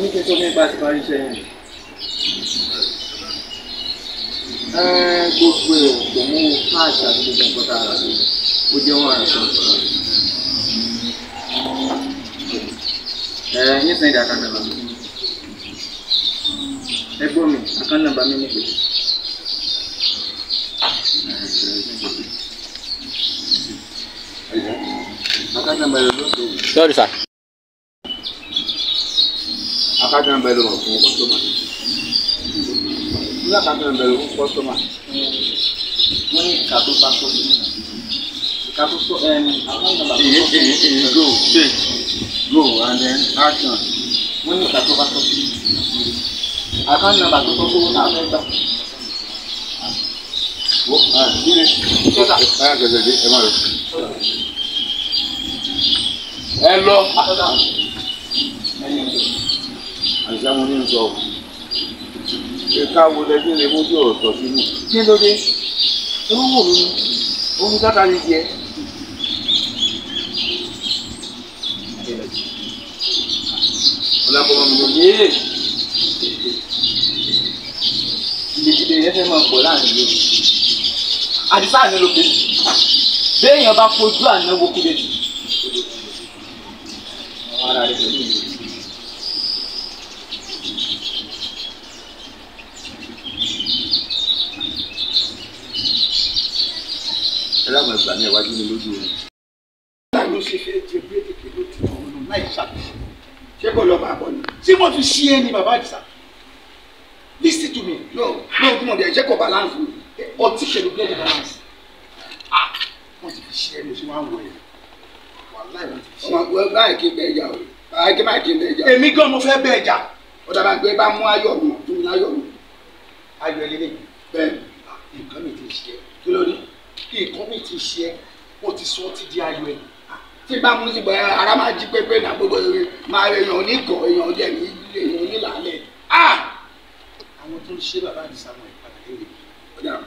ní kí n tó nípa ti parí iṣẹ́ yẹn. gbogbo ẹ̀ kò mú káàṣì àti gbogbo nǹkan tá a rà sí ó jẹ́ wọn àrà tó ń sọ̀rọ̀. ẹ̀ẹ́n nísìnyí dàkà kan lọ. ẹ gbọ́ mi àkànnà bá mi nípe. Sorry, sir akadé náà bẹ lọ fún kọsọmà nígbà akadé náà bẹ lọ fún kọsọmà wọn ní kàtó bá tó fún mi kàtó tó ẹni àwọn ìgbà tó fún mi. èyí go take go and then action. wọn ní kàtó bá tó fún mi àkáǹtì nàmbà tó tó fún mi náà fẹ́ gbà. wọ́n ẹ̀ ẹ́ ẹ́ ẹ́ ẹ lọ àìsàmù ní sọ ìka wo lẹgbẹ rẹ mójú ọ̀tọ̀ sínú kí ló dé irú wò mí omi káta ni jẹ. ọlọ́pàá mi ló dé ìdíje yẹn fẹ́ máa pọ̀ láàrin ìlú àdìsá àná ló dé béèyàn bá fojú àná wo kúrẹ́jù. àwọn ará ẹlẹ́wọ̀n ẹgbà ní ẹ̀wájú mi lójú rẹ̀. báwo ṣe fẹ́ jẹ búrẹ́dì kí ló ti tọ̀ ọ́nà láì ṣàkóso ṣé kò lọ bá bọ̀ ni tí wọ́n ti ṣí ẹ ní bàbá àdìsá listen to me no no gbọ́n dẹ̀ ṣé kò balance mi ọtí ṣe ló búrẹ́dì balance ah wọ́n ti fi ṣí ẹ ní oṣù wọn wọ ẹ wàhálà ìwọ̀n ti fi ṣí ẹ. ọmọ báyìí kí n bẹ ẹja o báyìí kí n báyìí kí n bẹ ẹja. èmi gan gbé bá mú ayọ̀ mi dùn ayọ̀ mi ayọ̀ ilé bẹ́ẹ̀ ah, nǹkan mi ti ṣe kí ló dé nǹkan mi ti ṣe ẹ́ ó ti sọ ọ́ ti di ayọ̀ ẹ̀ tí bá mú sí bẹ́ẹ̀ ara máa jí pépé náà gbogbo máa èèyàn nígọ̀ èèyàn dẹ̀ ní èèyàn nílàálẹ̀ àwọn tó ń ṣe bàbá àdìsá wọn ìpàdé yẹn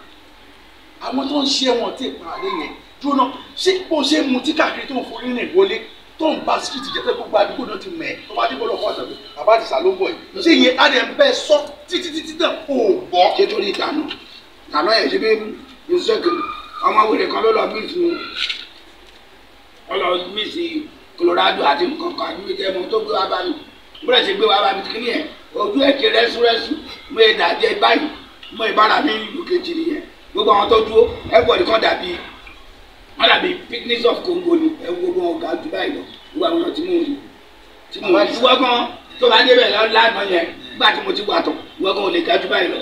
àwọn tó ń ṣe wọn ti ìpàdé yẹn dúró náà ṣé bó ṣe mu tí káàkiri tó ń forí rìn wọlé tó ń ba street jẹ́ pé gbogbo àdúgbò náà ti mẹ̀ tó bá dé bọ́lọ̀ fọ́ọ̀tà pé bàbá àdìsá ló ń bọ̀ yìí ṣé ìyẹn á dẹ̀ ń bẹ́ sọ títí títí náà kò gbọ́ ṣé torí ìdáná ìdáná ẹ̀ ṣe bí mo ṣe kiri ọmọ wèrè kan ló lọ mísì ó lọ mísì Colorado àti nǹkankan àti mísì ẹmọ tó gbé wá bá mi búrẹ̀ ṣe gbé wá bá mi kí ni ẹ̀ ojú ẹ̀jẹ̀ rẹ́súrẹ́sú mo yẹ dàjẹ́ báyìí mo ìbára mi ìlú kejì nìyẹn gbogbo àwọn tó dúró everybody kan dàbí wọn dàbí picnic of Congo ni ẹ gbogbo wọn ga jù báyìí lọ gbogbo àwọn tí mo rí tí mo rí wọ́n gan tó bá débẹ̀ lánàá yẹn nígbà tí mo ti wà tán wọ́n gan ò lè ga jù báyìí lọ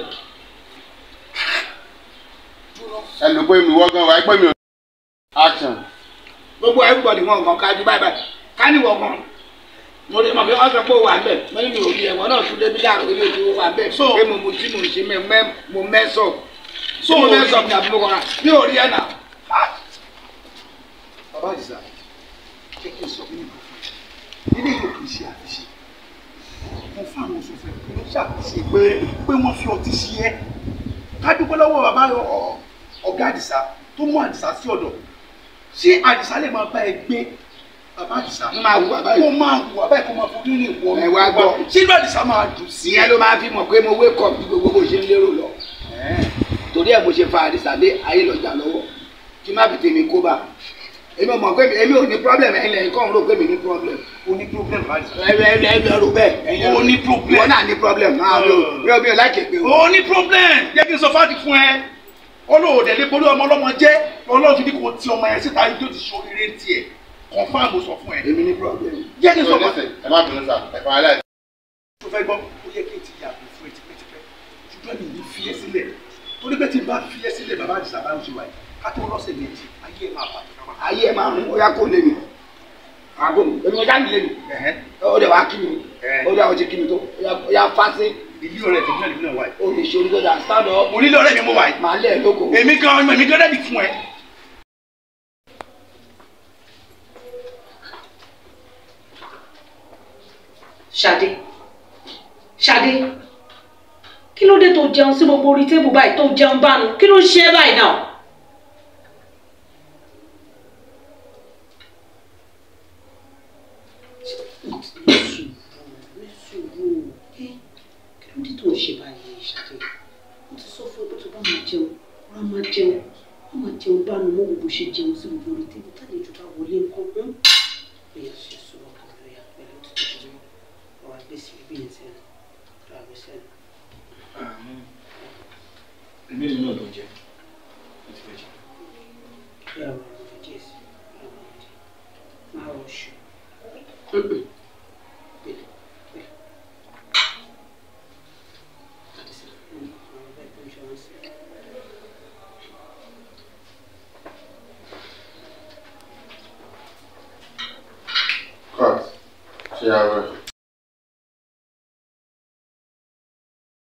ẹnu pé mi wọ́gán wa pé mi ò. action. gbogbo everybody wọn gan kájú báyìí báyìí ká ní wọ́n gan mo rí mọ̀ pé ọ̀sán pé ó wà bẹ́ẹ̀ mo ní mi ò rí ẹ̀wọ̀n náà tún débi láàrú ilé ìdíwọ́ wà bẹ́ẹ̀ so pé mo mu tí mo ń ṣe mẹ́ mo mẹ́sọ̀ so mo mẹ́sọ̀ ní àbúrò wa mi ò rí ẹ̀ nà. bàbá àdìsá ṣé kí n sọ fún ìgbà fún ilé yóò kì í ṣe àfiṣe mo fún àwọn òṣèlú pé ṣàkóso pé pé wọ́n fi ọtí sí ẹ ká dúpẹ́ lọ́wọ́ bàbá ọ̀gá àdìsá tó mú àdìsá sí ọ̀dọ̀ ṣé àdìsá lè máa bá ẹ gbé bàbá àdìsá máa wù bàbá yìí kó máa wù bàbá yìí kó máa fojú ní ìwọ ẹ wá gbọ́ ṣé ló àdìsá máa dùn sí. ìyẹn ló máa fi mọ̀ pé mo wake up bí gbogbo bó ṣe ń lérò lọ torí ẹ̀ mo ṣe fa àdìsá dé ayé lọ́jà lọ́wọ́ kí má fi tèmi kó bá èmi mọ̀ pé èmi ò ní problem ẹ̀yin lẹ́yìn kọ́ ń rò pé mi ní problem. o ní problem láti. ẹ ẹ ẹ ẹ rò bẹ́ẹ̀. o ní problem. wọn náà ní problem náà rò rẹ omi ò láì képe o. o ní problem jẹ́ kí n sọ fáàtì fún ẹ olóòwò dẹ̀ lé borí ọmọ ọlọ́mọ jẹ́ ọlọ́run ti ní kò ti ọmọ yẹn síta yìí tó ti ṣoríire tiẹ̀ confam sọ fún ẹ. èmi ní problem. jẹ́ kí n sọ fún ẹ. ẹ má bínú sá ẹ fara láì. tó fẹ́ gbọ́ ó yẹ kí n ti yàgò fún ẹ tipẹ́tipẹ́ ṣùgbọ́n mi ní fi ẹ sílẹ̀ torí pé tí n bá fi ẹ sílẹ̀ bàbá àdìsá bá ń ṣe wáyé ká tó lọ́sẹ̀ méjì ayé ẹ máa bà ayé ẹ máa rún ó kó lé mi àgọ́ mi lé mi ó dẹ̀ wá kí mi ó dẹ̀ wá kí mi tó ó fásí ilé ọ̀rẹ́ tèmi náà lèmi náà mo nílò ọ̀rẹ́ mi mo wà yìí. màá lẹ̀ lóko. èmi gan èmi gan fún ẹ. Ṣadé Ṣadé kí ló dé tó jẹun sí gbogbo orí tébù báyìí tó jẹun bánu kí ló ṣe é báyìí náà. ṣe báyìí ṣáde mo ti sọ fún ẹ pé tó bá máa jẹun wọn á máa jẹun wọn máa jẹun bánu mọ gbogbo ṣe jẹun sí gbogbo orí tèmi tá àlejò bá wọlé nǹkan mú bóyá ṣe sọ̀rọ̀ kan lórí àpẹẹrẹ tó ti jẹun ọ̀rọ̀ àgbèsè bíbí yẹn sẹ́nu ọ̀rọ̀ àgbèsè nù. ẹgbẹ́ mi náà ló jẹ mo ti fẹ́ jẹ. ìyá ọ̀rọ̀ ọ̀rọ̀ jẹ́ sí ọ̀rọ̀ ọ̀rọ̀ jẹ́ máa rọ̀ ṣù. Ya,